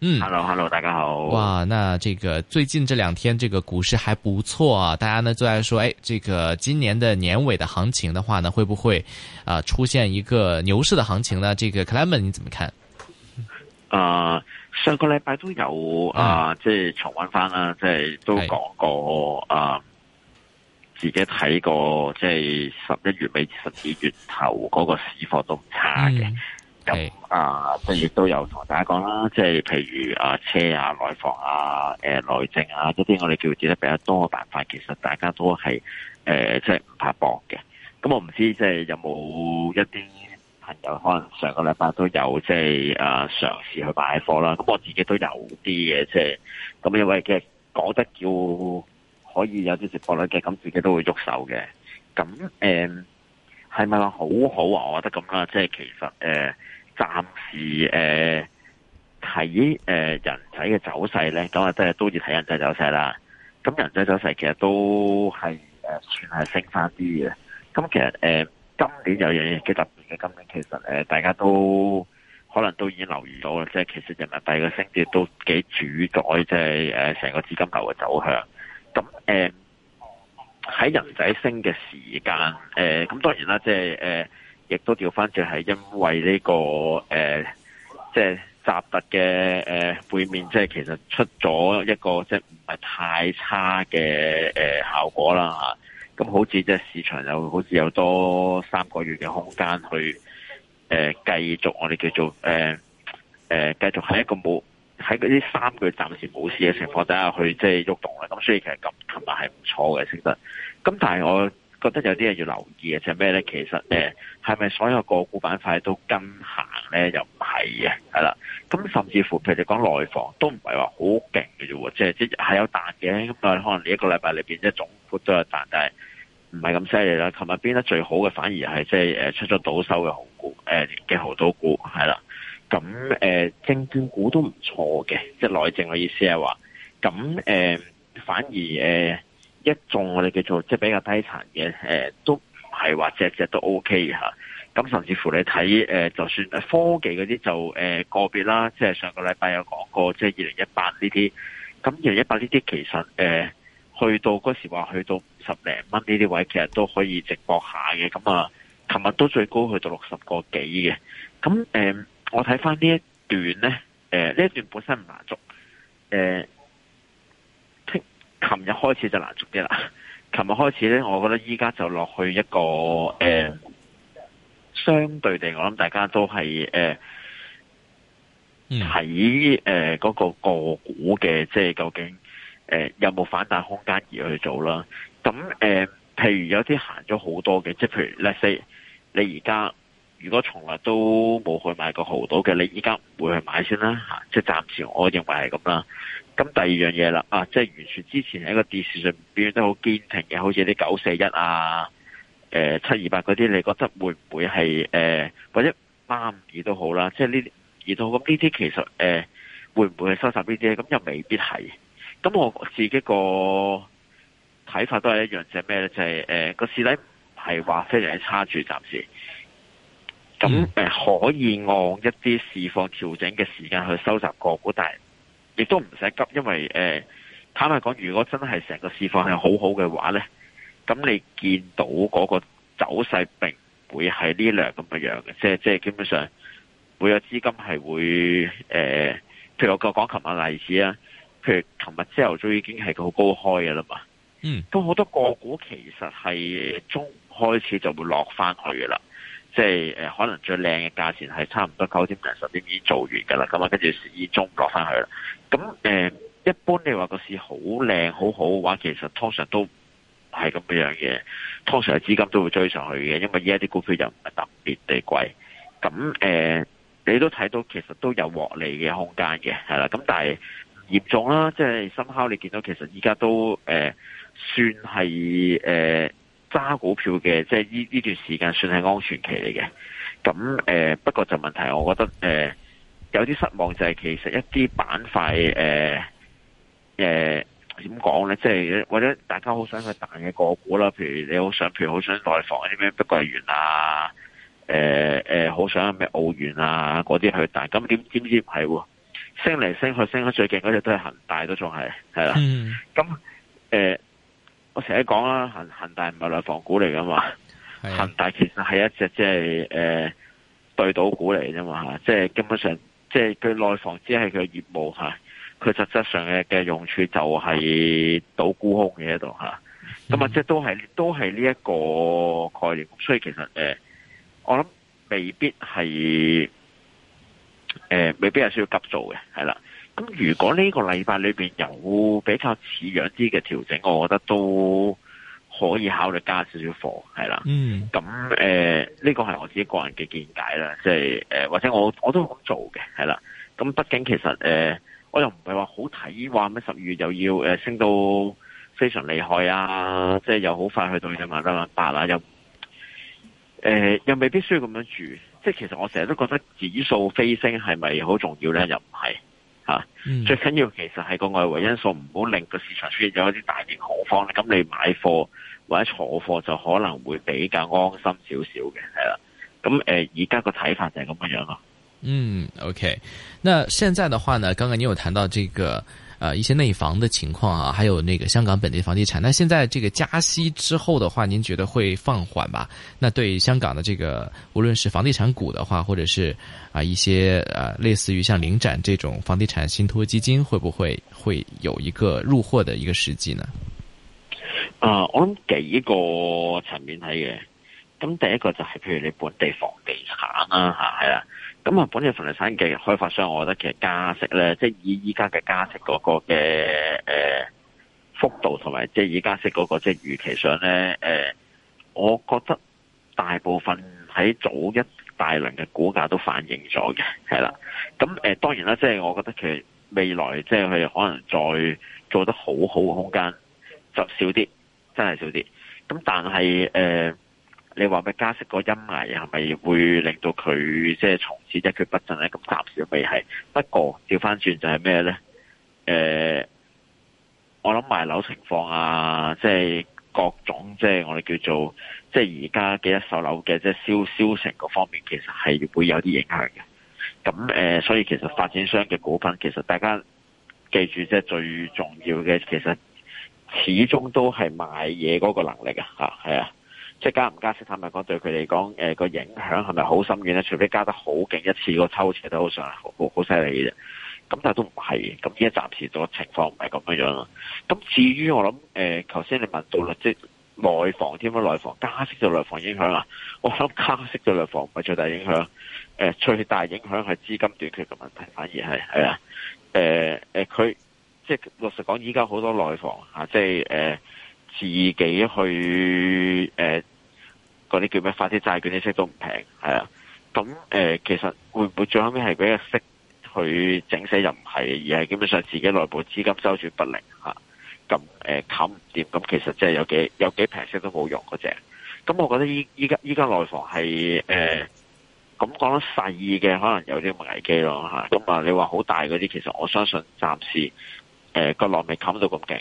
嗯，hello hello，大家好。哇，那這個最近這兩天這個股市還不錯啊，大家呢就愛說，誒、哎，這個今年的年尾的行情的話呢，會不會啊、呃、出現一個牛市的行情呢？這個 Clement 你怎麼看？啊、呃，上個禮拜都有啊，即係、呃就是、重溫返啦，即、就、係、是、都講過啊、哎呃，自己睇過，即係十一月尾十二月頭嗰個市況都唔差嘅。嗯咁、嗯、啊，即係亦都有同大家講啦，即係譬如啊，車啊，內房啊，誒，內政啊，一啲我哋叫做得比較多嘅辦法，其實大家都係誒、呃，即係唔怕搏嘅。咁、嗯、我唔知即係有冇一啲朋友可能上個禮拜都有即係啊嘗試去擺貨啦。咁我自己都有啲嘅，即係，咁因為嘅覺得叫可以有啲回報率嘅，咁自己都會喐手嘅。咁誒，係咪話好好啊？我覺得咁啦，即係其實誒。呃暫時誒睇誒人仔嘅走勢咧，咁啊都係都要睇人仔走勢啦。咁人仔走勢其實都係、呃、算係升翻啲嘅。咁其實誒、呃、今年有樣嘢幾特別嘅，今年其實、呃、大家都可能都已經留意到啦，即係其實人民幣嘅升跌都幾主宰，即係成個資金流嘅走向。咁誒喺人仔升嘅時間，誒、呃、咁當然啦，即係誒。呃亦都調翻轉係因為呢、這個誒，即係習特嘅誒背面，即係其實出咗一個即係唔係太差嘅誒、呃、效果啦吓，咁好似即係市場又好似有多三個月嘅空間去誒繼、呃、續我哋叫做誒繼、呃呃、續喺一個冇喺呢啲三個月暫時冇事嘅情況底下去即係喐動啦。咁所以其實咁琴日係唔錯嘅，其實。咁但係我。覺得有啲嘢要留意嘅就係咩咧？其實呢，係咪所有個股板塊都跟行咧？又唔係嘅，係啦。咁甚至乎，譬如你講內房都唔係話好勁嘅啫，即係即係係有彈嘅。咁啊，可能呢一個禮拜裏面即係總括都有彈，但係唔係咁犀利啦。琴日變得最好嘅，反而係即係出咗倒手嘅紅股誒嘅紅倒股，係啦。咁誒、呃、證券股都唔錯嘅，即、就、係、是、內證嘅意思係話，咁、呃、反而、呃一種我哋叫做即係比較低層嘅，誒、呃，都唔係話隻只都 O K 吓，咁、啊、甚至乎你睇，誒、呃，就算科技嗰啲就，誒、呃，個別啦，即係上個禮拜有講過，即係二零一八呢啲，咁二零一八呢啲其實，誒、呃，去到嗰時話去到五十零蚊呢啲位，其實都可以直搏一下嘅，咁啊，琴日都最高去到六十個幾嘅，咁，誒、呃，我睇翻呢一段咧，誒、呃，呢一段本身唔難捉。誒、呃。琴日開始就難捉啲啦，琴日開始咧，我覺得依家就落去一個誒、呃，相對地，我諗大家都係誒，睇誒嗰個個股嘅，即係究竟誒、呃、有冇反彈空間而去做啦？咁誒、呃，譬如有啲行咗好多嘅，即係譬如 let's say, 你而家如果從來都冇去買過濠賭嘅，你依家唔會去買先啦，吓，即係暫時我認為係咁啦。咁第二樣嘢啦，啊，即、就、係、是、完全之前喺個電視上表現得好堅挺嘅，好似啲九四一啊、誒七二八嗰啲，你覺得會唔會係誒、呃、或者萬二、嗯、都好啦？即係呢啲而到咁呢啲其實誒、呃、會唔會去收集呢啲咁又未必係。咁我自己個睇法都係一樣，就係咩咧？就係誒個市底係話非常之差住，暫時咁可以按一啲市況調整嘅時間去收集個股，但係，亦都唔使急，因為誒，坦白講，如果真係成個市況係好好嘅話咧，咁你見到嗰個走勢並唔會係呢兩咁嘅樣嘅，即係即係基本上會有資金係會誒、呃，譬如我講講琴日例子啊，譬如琴日朝頭早已經係好高開嘅啦嘛，嗯，咁好多個股其實係中開始就會落翻去嘅啦。即係誒，可能最靚嘅價錢係差唔多九點零、十點已經做完㗎啦，咁啊跟住市已中落翻去啦。咁誒、呃，一般你話個市好靚、好好嘅話，其實通常都係咁樣嘅，通常資金都會追上去嘅，因為依家啲股票又唔係特別地貴。咁誒、呃，你都睇到其實都有獲利嘅空間嘅，係啦。咁但係嚴重啦，即係深烤你見到其實依家都誒、呃，算係誒。呃揸股票嘅，即係呢呢段時間算係安全期嚟嘅。咁誒、呃，不過就問題，我覺得誒、呃、有啲失望，就係其實一啲板塊誒誒點講咧，即係或者大家好想去彈嘅個股啦。譬如你好想，譬如好想內房啲咩碧桂園啊，誒誒好想咩奧園啊嗰啲去彈。咁點知唔係喎？升嚟升去升，升得最勁嗰隻都係恒大都仲係係啦。咁誒。嗯咁呃我成日講啦，恒大唔係內房股嚟噶嘛，恒的大其實係一隻即係誒對賭股嚟啫嘛，即係基本上即係佢內房只係佢業務嚇，佢實質上嘅嘅用處就係賭沽空嘅一度咁啊，即係、嗯就是、都係都係呢一個概念，所以其實誒、呃，我諗未必係誒、呃，未必係需要急做嘅，係啦。咁如果呢個禮拜裏邊有比較似樣啲嘅調整，我覺得都可以考慮加少少貨，係啦。咁誒，呢個係我自己個人嘅見解啦，即係誒，或者我我都好做嘅，係啦。咁、嗯、畢竟其實誒、呃，我又唔係話好睇話咩，十二月又要誒升到非常厲害啊，即係又好快去到一萬零八啦，又、呃、誒又未必需要咁樣住。即係其實我成日都覺得指數飛升係咪好重要咧？又唔係。啊，嗯、最緊要其實係個外圍因素，唔好令個市場出現咗一啲大型恐慌咧。咁你買貨或者坐貨就可能會比較安心少少嘅，係啦。咁誒，而家個睇法就係咁樣咯。嗯，OK，那現在嘅話呢，剛剛你有談到呢、這個。呃，一些內房的情況啊，還有那個香港本地房地產，那現在這個加息之後的話，您覺得會放緩吧？那對香港的這個，無論是房地產股的話，或者是啊一些呃、啊、類似於像領展這種房地產信託基金，會不會會有一個入貨的一個時機呢？啊、呃，我諗幾個層面睇嘅，咁第一個就係譬如你本地房地產啦、啊，吓，係啦。咁啊，本地房地產嘅開發商，我覺得其實加息咧，即、就、係、是、以依家嘅加息嗰個嘅、呃、幅度同埋，即係以加息嗰、那個即係預期上咧、呃，我覺得大部分喺早一大輪嘅股價都反映咗嘅，係啦。咁、呃、當然啦，即、就、係、是、我覺得其實未來即係佢可能再做得好好嘅空間就少啲，真係少啲。咁但係你話俾加息個陰霾係咪會令到佢即係從此一蹶不振咧？咁暫時未係，不過調翻轉就係咩咧？誒，我諗賣樓情況啊，即係各種即係我哋叫做即係而家幾多售樓嘅即係銷銷成個方面，其實係會有啲影響嘅。咁誒，所以其實發展商嘅股份，其實大家記住即係最重要嘅，其實始終都係賣嘢嗰個能力啊，係啊。即係加唔加息，坦白講對佢嚟講，誒、呃那個影響係咪好深遠咧？除非加得好勁，一次個抽錢都好上好好犀利嘅，咁但係都唔係咁而家暫時個情況唔係咁樣樣咯。咁至於我諗，誒、呃，頭先你問到即係內房添啊，內房加息對內房影響啊？我諗加息對內房唔係最大影響。誒、呃，最大影響係資金短缺嘅問題，反而係係啊。誒誒，佢、呃呃、即係老實講，依家好多內房吓、啊，即係誒。呃自己去誒嗰啲叫咩發啲債券啲息都唔平，係啊，咁、呃、其實會唔會最後尾係畀個息去整死又唔係，而係基本上自己內部資金周轉不靈咁誒冚唔掂，咁、啊啊啊啊、其實即係有幾有幾平息都冇用嗰隻。咁我覺得依依家依家內房係誒咁講得細嘅可能有啲危機咯咁啊，啊你話好大嗰啲，其實我相信暫時誒個、啊、內未冚到咁勁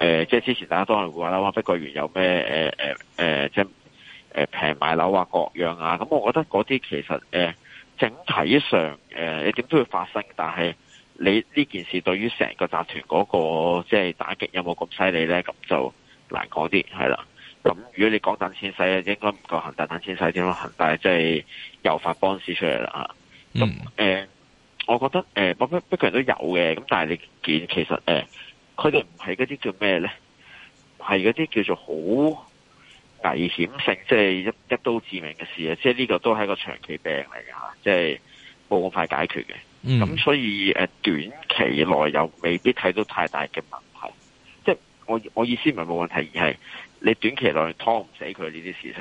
誒，即係、呃、之前大家都係會話啦，碧桂園有咩誒誒誒，即係誒平買樓啊各樣啊，咁我覺得嗰啲其實誒、呃、整體上誒你點都會發生，但係你呢件事對於成個集團嗰、那個即係打擊有冇咁犀利咧？咁就難講啲係啦。咁如果你講等錢使，應該唔夠恒大等錢使，點解恒大即係又發 bonus 出嚟啦？咁誒、嗯呃，我覺得誒，碧、呃、桂園都有嘅，咁但係你見其實誒。呃佢哋唔係嗰啲叫咩咧？係嗰啲叫做好危險性，即係一一刀致命嘅事啊！即係呢個都係一個長期病嚟噶，即係冇咁快解決嘅。咁、嗯、所以誒短期內又未必睇到太大嘅問題。即係我我意思唔係冇問題，而係你短期內拖唔死佢呢啲事情。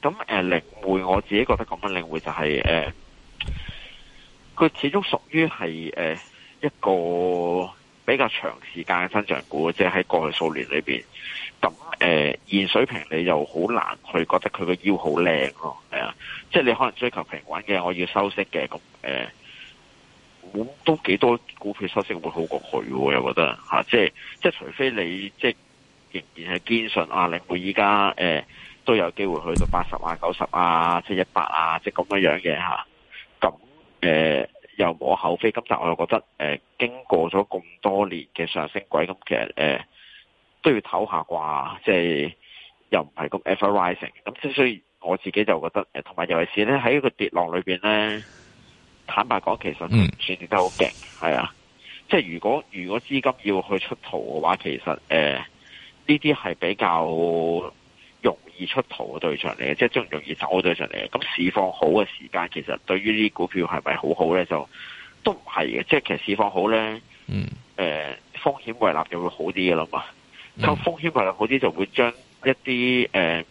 咁誒領匯，呃、我自己覺得講緊領匯就係誒，佢、呃、始終屬於係誒、呃、一個。比較長時間嘅增長股，即係喺過去數年裏邊，咁誒、呃、現水平你又好難去覺得佢個腰好靚咯，誒、啊，即係你可能追求平穩嘅，我要收息嘅，咁誒，咁、呃、都幾多股票收息會好過佢，我又覺得吓、啊，即係即係除非你即係仍然係堅信啊，你會依家誒都有機會去到八十啊、九十啊、即係一百啊，即係咁樣樣嘅吓，咁、啊、誒。又無可厚非，今集我又覺得誒、呃，經過咗咁多年嘅上升軌，咁其實誒、呃、都要唞下啩，即、就、係、是、又唔係咁 ever rising。咁所以我自己就覺得同埋尤其是咧喺呢個跌浪裏面咧，坦白講其實唔算跌得好勁，係啊，嗯、即係如果如果資金要去出逃嘅話，其實誒呢啲係比較易出逃嘅對象嚟嘅，即係最容易走嘅對象嚟嘅。咁市況好嘅時間，其實對於呢啲股票係咪好好咧？就都唔係嘅，即係其實市況好咧，嗯，誒、呃、風險維立就會好啲嘅啦嘛。咁、嗯、風險維立好啲、呃，就會將一啲誒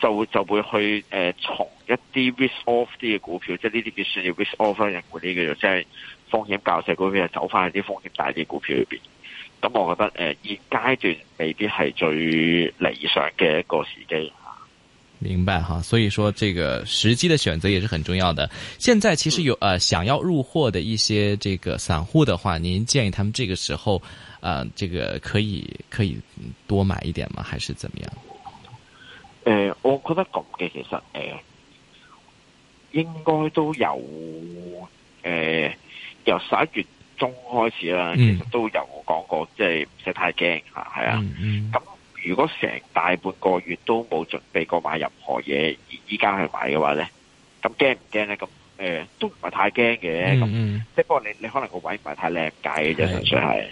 就會就會去誒從、呃、一啲 risk off 啲嘅股票，即係呢啲叫算叫 risk off e 型股啲叫做即係風險較細股票，就走返去啲風險大啲股票裏面。咁我覺得誒、呃，現階段未必係最理想嘅一個時機。明白哈，所以說這個時機的選擇也是很重要的。現在其實有呃想要入貨的一些這個散戶的話，您建議他們這個時候，啊、呃，這個可以可以多買一點嗎？還是怎麼樣？誒、呃，我覺得咁嘅其實誒、呃，應該都有誒、呃，由十一月，中開始啦，其實都有我講過，即係唔使太驚嚇，係啊。咁、嗯、如果成大半個月都冇準備過買任何嘢，而依家去買嘅話咧，咁驚唔驚咧？咁、呃、都唔係太驚嘅，咁即係不過你你可能個位唔係太靚解嘅啫，純粹係。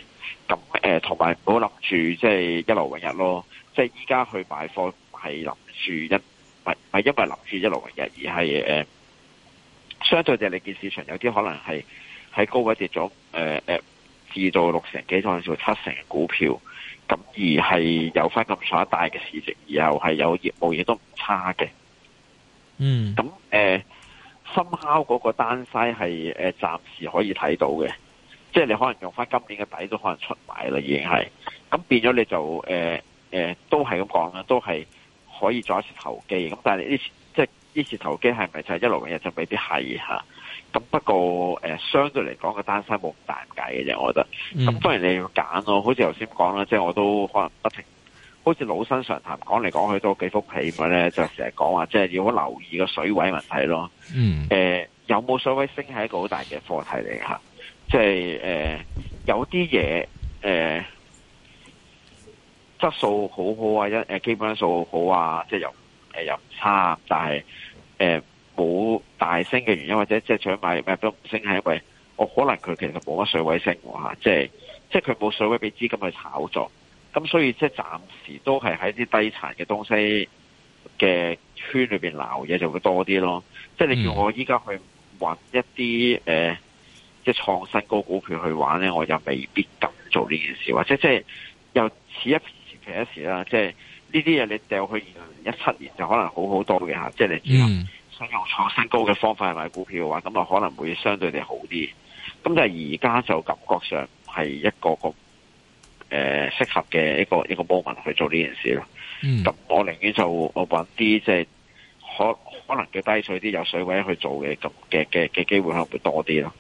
咁同埋唔好諗住即係一勞永逸咯。即係依家去買貨係諗住一，唔係唔係因為諗住一勞永逸，而、呃、係相對地，你見市場有啲可能係。喺高位跌咗，誒、呃、誒，至到六成幾，甚至乎七成嘅股票，咁而係有翻咁上下大嘅市值，然後係有業務，亦都唔差嘅。嗯，咁誒深烤嗰個單曬係暫時可以睇到嘅，即係你可能用翻今年嘅底都可能出埋啦，已經係。咁變咗你就誒都係咁講啦，都係可以做一次投機，咁但係呢次即呢次投機係咪就係一勞永逸就未必係嚇？咁不過誒、呃，相對嚟講個單身冇咁大計嘅啫，我覺得。咁、mm. 當然你要揀咯，好似頭先講啦，即係我都可能不停，好似老生常談講嚟講去都幾幅題咁咧，就成日講話即係要好留意個水位問題咯。誒、mm. 呃，有冇水位升係一個大課、就是呃呃、好大嘅課題嚟吓，即係誒，有啲嘢誒，質素好好啊，一誒基本質素好啊，即係又誒又唔差，但係誒。呃冇大升嘅原因，或者即係想買，買咩都唔升，係因為我可能佢其實冇乜水位升吓，即係即係佢冇水位俾資金去炒作，咁所以即係暫時都係喺啲低殘嘅東西嘅圈裏邊撈嘢就會多啲咯。即係你叫我依家去搵一啲誒、呃，即係創新高股票去玩咧，我就未必敢做呢件事，或者即係又似一時似一時啦。即係呢啲嘢你掉去二零一七年就可能好好多嘅吓，即係你知用創新高嘅方法去買股票嘅話，咁啊可能會相對地好啲。咁但係而家就感覺上係一個個誒適合嘅一個一個 moment 去做呢件事咯。咁、嗯、我寧願就我搵啲即係可可能嘅低水啲有水位去做嘅咁嘅嘅嘅機會可能會多啲咯。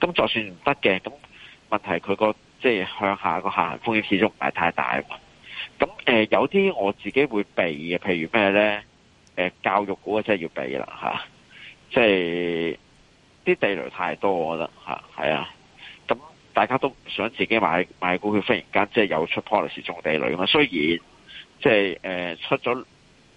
咁就算唔得嘅，咁問題佢個即係向下個下行風險始終唔係太大嘛。咁誒、呃，有啲我自己會避嘅，譬如咩咧？誒，教育股真係要避啦吓，即係啲地雷太多了，我覺得吓係啊。咁大家都唔想自己買買股票，忽然間即係有出 policy 中地雷啊嘛。雖然即係誒出咗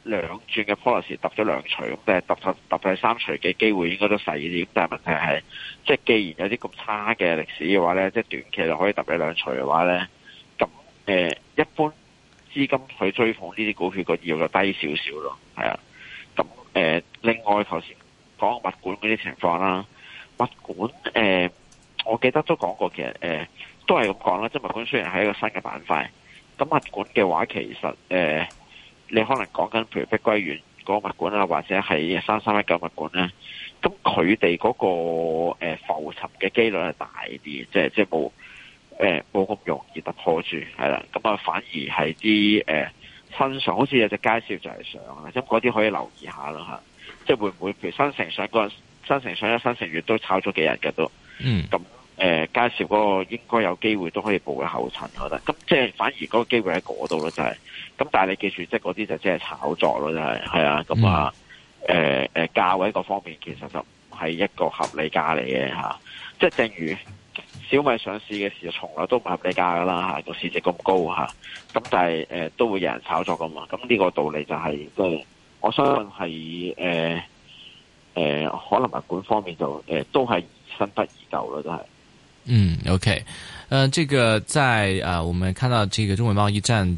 兩轉嘅 policy 揼咗兩錘，但係揼咗揼晒三錘嘅機會應該都細啲。但係問題係，即係既然有啲咁差嘅歷史嘅話咧，即係短期就可以揼你兩錘嘅話咧，咁誒，一般資金去追捧呢啲股票個意欲就低少少咯。係啊，咁誒，另外頭先講物管嗰啲情況啦，物管誒，我記得都講過，其實誒都係咁講啦，即係物管雖然係一個新嘅板塊，咁物管嘅話，其實誒，你可能講緊譬如碧桂園嗰個物管啊，或者係三三一九物管咧，咁佢哋嗰個誒浮沉嘅幾率係大啲，即係即係冇誒冇咁容易突破住，係啦，咁啊反而係啲誒。身上好似有隻介紹就係上啦，咁嗰啲可以留意下啦嚇，即係會唔會譬如新城上個新城上一新城月都炒咗幾日嘅都，嗯，咁、呃、誒介紹嗰個應該有機會都可以步佢後塵，我覺得，咁即係反而嗰個機會喺嗰度咯，就係、是，咁但係你記住，即係嗰啲就即係炒作咯，真、就、係、是，係啊，咁啊，誒誒、嗯呃呃、價位嗰方面其實就唔係一個合理價嚟嘅嚇，即係正如。小米上市嘅時候，從來都唔合理價噶啦吓，個市值咁高吓，咁但係誒、呃、都會有人炒作噶嘛，咁、這、呢個道理就係、是，我相信係誒誒，可能物管方,方面就誒、呃、都係生不易夠啦，真係。嗯，OK，嗯、呃，這個在啊、呃，我們看到這個中美貿易戰。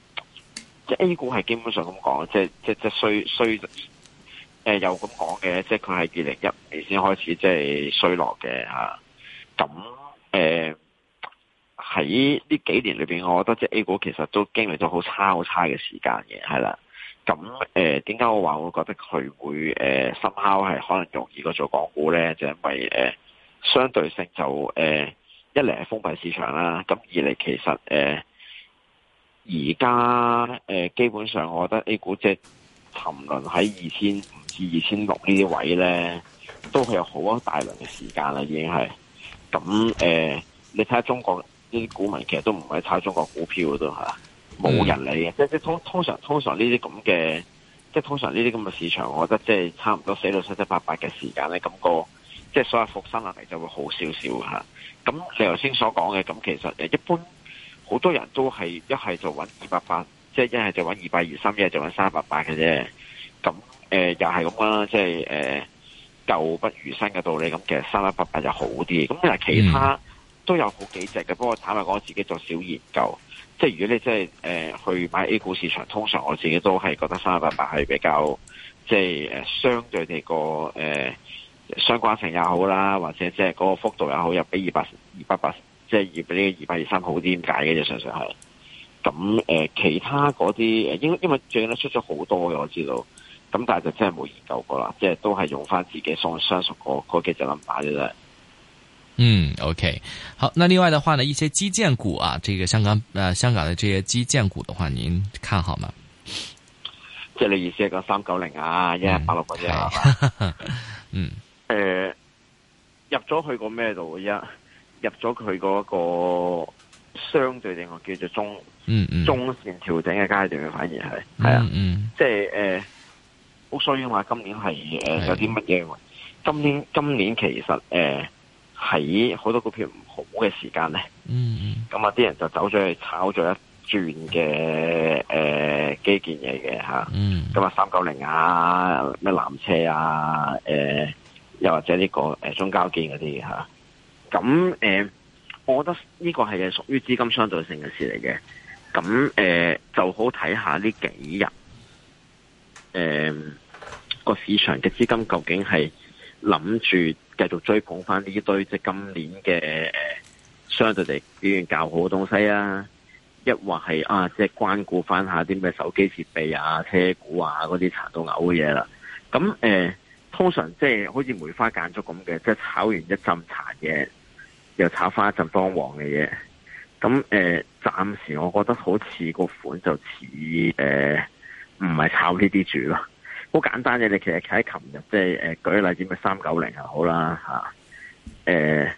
即 A 股係基本上咁講，即即即衰衰，誒、呃、有咁講嘅，即佢係二零一五年先開始即係衰落嘅吓。咁誒喺呢幾年裏邊，我覺得即 A 股其實都經歷咗好差好差嘅時間嘅，係啦。咁誒，點、呃、解我話會覺得佢會誒深拋係可能容易過做港股咧？就係、因為誒、呃、相對性就誒、呃、一嚟係封閉市場啦，咁二嚟其實誒。呃而家咧，誒基本上，我覺得 A 股隻沉淪喺二千至二千六呢啲位咧，都係有好多大量嘅時間啦，已經係咁誒。你睇下中國呢啲股民，其實都唔係炒中國股票都係冇人理嘅。即係通通常通常呢啲咁嘅，即係通常呢啲咁嘅市場，我覺得即係差唔多死到七七八八嘅時間咧。咁個即係所謂復生力就會好少少吓，咁你頭先所講嘅咁，其實誒一般。好多人都係一係就揾二百八，即係一係就揾二百二三，一係就揾三百八嘅啫。咁誒、呃、又係咁啦，即係誒舊不如新嘅道理咁。其實三百八八又好啲。咁嗱，其他都有好幾隻嘅。不過坦白講，我自己做小研究。即係如果你真係誒去買 A 股市場，通常我自己都係覺得三百八八係比較即係誒相對你個誒、呃、相關性又好啦，或者即係嗰個幅度又好，又比二百二百八。即係二比呢個二百二三好啲，點解嘅？事實上係咁，誒、呃，其他嗰啲，誒，因為因為最近咧出咗好多嘅，我知道的。咁但係就真係冇研究過啦，即係都係用翻自己送相熟個個幾隻冧巴嘅啫。嗯，OK，好。那另外嘅話呢，一些基建股啊，這個、啊、香港、誒香港嘅這些基建股的話，您看好嗎？即係你意思係講三九零啊，一一八六嗰啲啊？嗯，誒，入咗去過咩度一？入咗佢嗰個相對定，我叫做中嗯嗯中線調整嘅階段，反而係係、嗯嗯、啊，即係誒，好所以話嘛！呃、今年係有啲乜嘢？的今年今年其實係喺好多股票唔好嘅時間咧，咁啊啲人就走咗去炒咗一轉嘅誒基建嘢嘅咁啊三九零啊，咩纜、嗯啊、車啊、呃，又或者呢、呢個、呃、中交建嗰啲咁誒、呃，我覺得呢個係屬屬於資金相對性嘅事嚟嘅。咁誒、呃，就好睇下呢幾日誒個、呃、市場嘅資金究竟係諗住繼續追捧翻呢堆即係、就是、今年嘅、呃、相對地表現較好嘅東西啊？抑或係啊，即、就、係、是、關顧翻下啲咩手機設備啊、車，車股啊嗰啲殘到嘔嘅嘢啦。咁誒、呃，通常即係好似梅花間竹咁嘅，即、就、係、是、炒完一針殘嘅。又炒翻一陣當黃嘅嘢，咁誒、呃，暫時我覺得好似個款就似誒，唔、呃、係炒呢啲住咯，好簡單嘅。你其實睇喺琴日，即係誒，舉例子，咪三九零又好啦，吓，誒，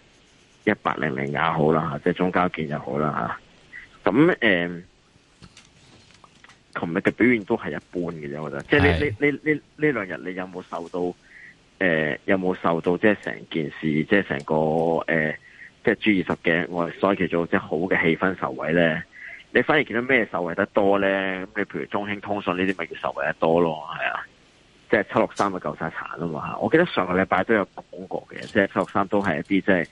一八零零也好啦，即係中交建又好啦，吓。咁、啊、誒，琴日嘅表現都係一般嘅啫，我覺得。即係是你你你你呢兩日你有冇受到？誒、呃，有冇受到？即係成件事，即係成個誒。呃即係 G 二十嘅，我哋所以叫做即係好嘅氣氛受惠咧。你反而見到咩受惠得多咧？咁你譬如中興通訊呢啲咪叫受惠得多咯，係啊。即係七六三嘅夠晒殘，啊嘛。我記得上個禮拜都有講過嘅，即係七六三都係一啲即係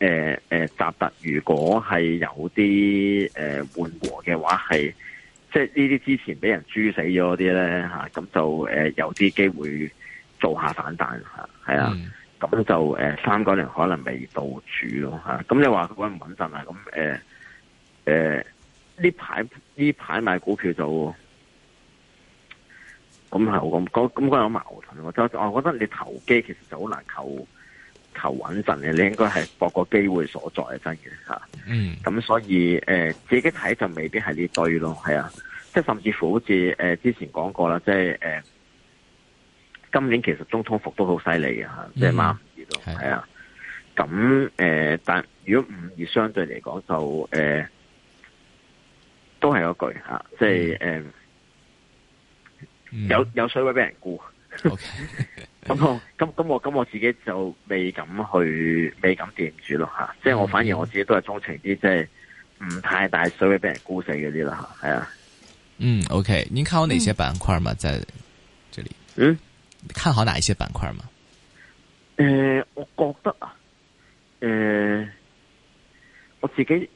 誒誒，習特，如果係有啲誒緩和嘅話，係即係呢啲之前俾人豬死咗啲咧吓，咁就誒有啲機會做下反彈吓，係啊。嗯咁就誒三九零可能未到住咯嚇，咁、啊、你話佢穩唔穩陣啊？咁誒呢排呢排買股票就，咁係我咁嗰咁有矛盾。我覺得你投機其實就好難求求穩陣嘅，你應該係搏個機會所在係真嘅嚇。啊、嗯，咁所以誒、啊、自己睇就未必係呢堆咯，係啊，即係甚至乎好似、啊、之前講過啦，即係誒。啊今年其實中通服都好犀利嘅嚇，即係萬五二度，係啊。咁誒、啊，但、呃、如果五二相對嚟講就誒、呃，都係嗰句嚇，即係誒有有水位俾人沽。O K，咁我咁咁我咁我自己就未敢去，未敢掂住咯嚇。即、啊、係、就是、我反而我自己都係鍾情啲，即係唔太大水位俾人沽死嗰啲啦嚇。係啊。嗯，O K，您看有哪些板塊嘛？嗯、在這裡，嗯。看好哪一些板塊嘛？誒、呃，我覺得啊，誒、呃，我自己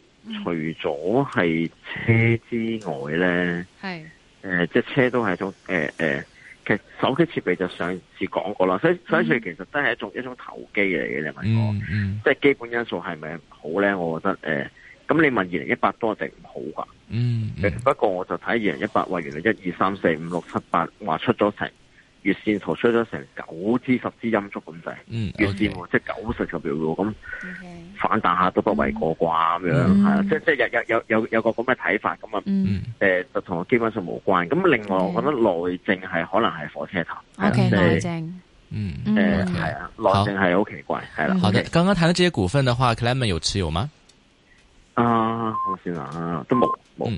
除咗係車之外咧，係誒、mm. 呃，即係車都係一種誒誒、呃，其實手機設備就上次講過啦，所所以、mm. 其實都係一種一種投機嚟嘅。你問我，mm. 即係基本因素係咪好咧？我覺得誒，咁、呃、你問二零一八多定唔好啩？嗯，mm. 不過我就睇二零一八話，原來一二三四五六七八話出咗成。月線圖出咗成九支十支陰燭咁滯，月線喎，即九十個票咁反彈下都不為過啩咁樣，係即即日日有有有個咁嘅睇法咁啊，誒就同基本上冇關。咁另外我覺得內證係可能係火車頭，內證嗯，係啊，內證係好奇怪，係啦。好嘅，剛剛談到這些股份的話 Clement 有持有嗎？啊，好先啊，都冇。